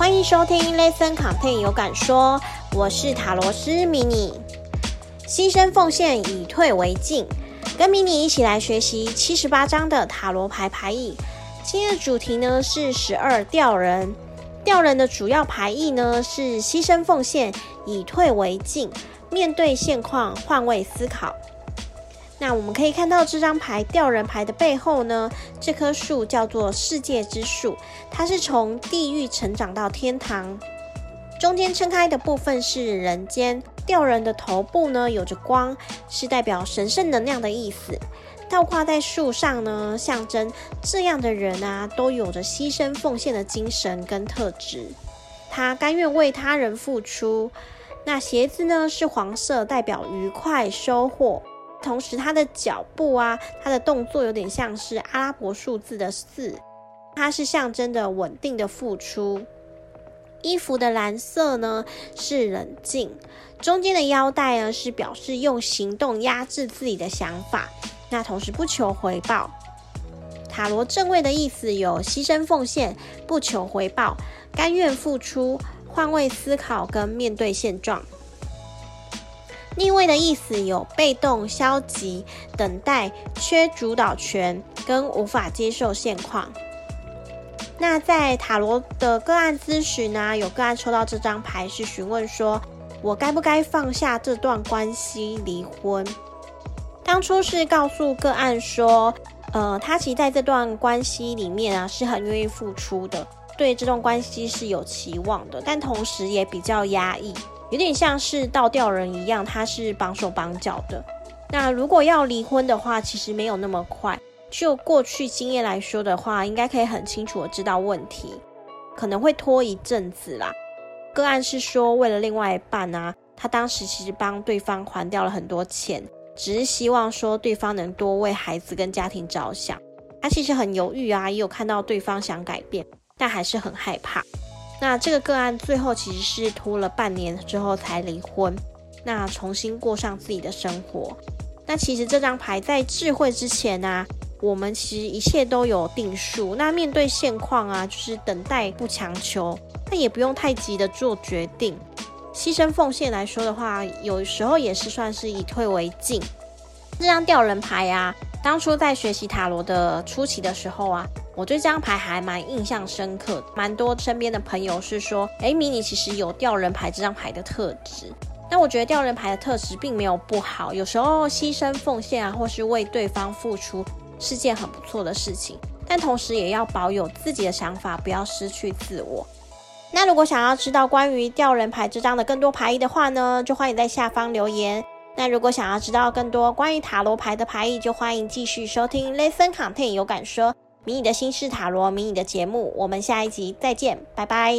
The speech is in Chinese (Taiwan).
歡迎收聽《ListenContent 有感說》，我是塔羅師 mini。犧牲奉獻，以退為進，跟 mini 一起來學習七十八張的塔羅牌牌意。今天的主題呢是十二吊人，吊人的主要牌意呢是犧牲奉獻，以退為進，面對現況換位思考。那我們可以看到這張牌吊人牌的背後呢，這棵樹叫做世界之樹，它是從地獄成長到天堂，中間撐開的部分是人間。吊人的頭部呢，有着光，是代表神聖能量的意思。倒掛在樹上呢，象徵這樣的人啊，都有着犧牲奉獻的精神跟特質，他甘願為他人付出。那鞋子呢是黃色，代表愉快收穫。同時，他的腳步啊，他的動作有點像是阿拉伯數字的四，它是象徵著穩定的付出。衣服的藍色呢是冷靜，中間的腰帶呢是表示用行動壓制自己的想法，那同時不求回報。塔羅正位的意思有犧牲奉獻、不求回報、甘願付出、換位思考跟面對現狀。逆位的意思有被動、消極、等待、缺主導權跟無法接受現況。那在塔羅的個案諮詢呢，有個案抽到這張牌是詢問說：“我該不該放下這段關係離婚？”當初是告訴個案說：“呃，他其實在這段關係裡面啊是很願意付出的，對這段關係是有期望的，但同時也比較壓抑。”有點像是倒吊人一樣，他是綁手綁腳的。那如果要離婚的話，其實沒有那麼快。就過去經驗來說的話，應該可以很清楚的知道問題，可能會拖一陣子啦。個案是說，為了另外一半啊，他當時其實幫對方還掉了很多錢，只是希望說對方能多為孩子跟家庭着想。他其實很猶豫啊，也有看到對方想改變，但還是很害怕。那這個個案最後其實是拖了半年之後才離婚，那重新過上自己的生活。那其實這張牌在智慧之前啊，我們其實一切都有定數。那面對現況啊，就是等待不強求，那也不用太急的做決定。犧牲奉獻來說的話，有時候也是算是以退為進。這張吊人牌啊，當初在學習塔羅的初期的時候啊。我對這張牌還蠻印象深刻，蠻多身邊的朋友是說，哎，迷你其實有吊人牌這張牌的特質。但我覺得吊人牌的特質並沒有不好，有時候犧牲奉獻啊，或是為對方付出是件很不錯的事情。但同時也要保有自己的想法，不要失去自我。那如果想要知道關於吊人牌這張的更多牌意的話呢，就歡迎在下方留言。那如果想要知道更多關於塔羅牌的牌意，就歡迎繼續收聽《Listen Content 有感說》。迷你的心事塔羅，迷你的節目，我們下一集再見，拜拜。